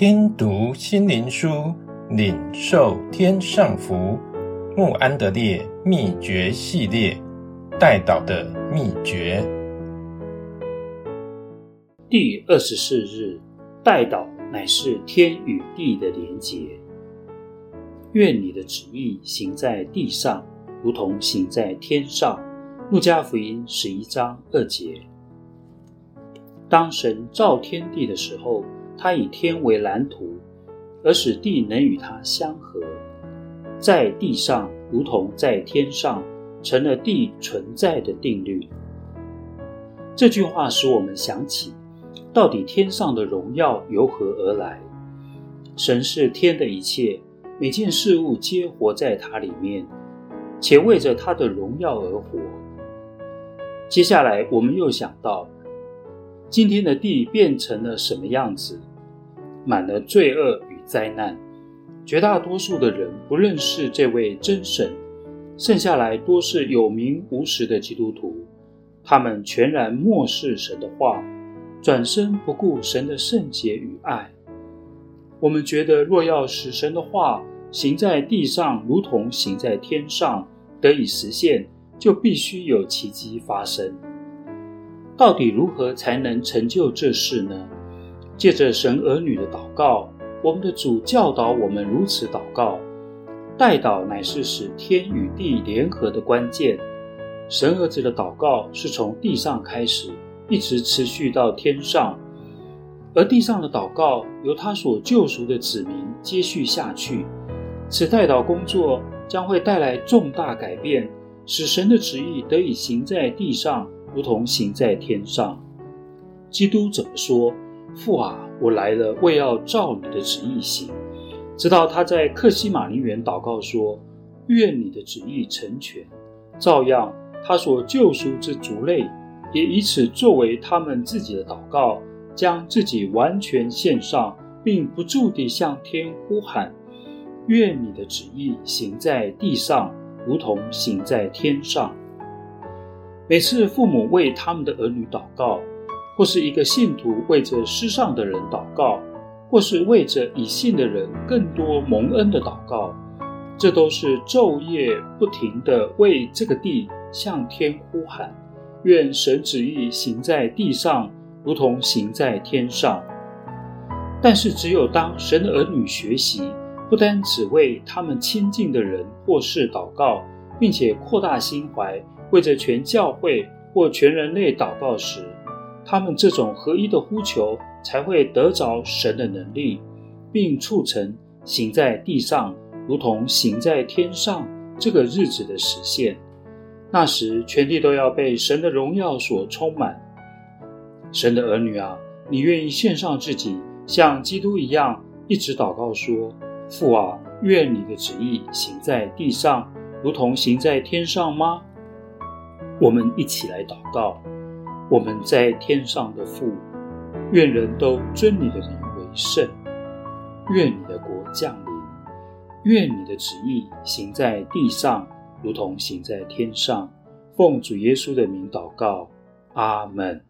聽讀心靈書，領受天上福。慕安德烈秘訣系列，代禱的秘訣。第二十四日，代禱乃是天與地的連結。願你的旨意行在地上，如同行在天上。路加福音十一章二節。當神造天地的時候。祂以天為藍圖，而使地能與它相合，在地上如同在天上，成了地存在的定律。這句話使我們想起，到底天上的榮耀由何而來？神是天的一切，每件事物皆活在祂裏面，且為着祂的榮耀而活。接下來，我們又想到，今天的地變成了什麼樣子？滿了罪惡與災難，絕大多數的人不認識這位真神，剩下來多是有名無實的基督徒，他們全然漠視神的話，轉身不顧神的聖潔與愛。我們覺得若要使神的話行在地上，如同行在天上得以實現，就必須有奇蹟發生。到底如何才能成就這事呢？借着神兒女的禱告，我們的主教導我們如此禱告：代禱乃是使天與地聯合的關鍵。神兒子的禱告是從地上開始，一直持續到天上，而地上的禱告由他所救贖的子民接續下去。此代禱工作將會帶來重大改變，使神的旨意得以行在地上，如同行在天上。基督怎麼說？父啊，我來了，為要照你的旨意行。直到他在客西馬尼園禱告說：“願你的旨意成全。”照樣，他所救贖之族類，也以此作為他們自己的禱告，將自己完全獻上，並不住地向天呼喊：“願你的旨意行在地上，如同行在天上。”每次父母為他們的兒女禱告，或是一個信徒為着失喪的人禱告，或是為着已信的人更多蒙恩的禱告，這都是晝夜不停的為這個地向天呼喊。願神旨意行在地上，如同行在天上。但是，只有當神的兒女學習不單只為他們親近的人或事禱告，並且擴大心懷，為着全教會或全人類禱告時，他們這種合一的呼求，才會得着神的能力，並促成行在地上如同行在天上這個日子的實現。那時，全地都要被神的榮耀所充滿。神的兒女啊，你願意獻上自己，像基督一樣，一直禱告說：“父啊，願你的旨意行在地上，如同行在天上嗎？”我們一起來禱告。我們在天上的父，願人都尊你的名為聖。願你的國降臨。願你的旨意行在地上，如同行在天上。奉主耶穌的名禱告，阿門。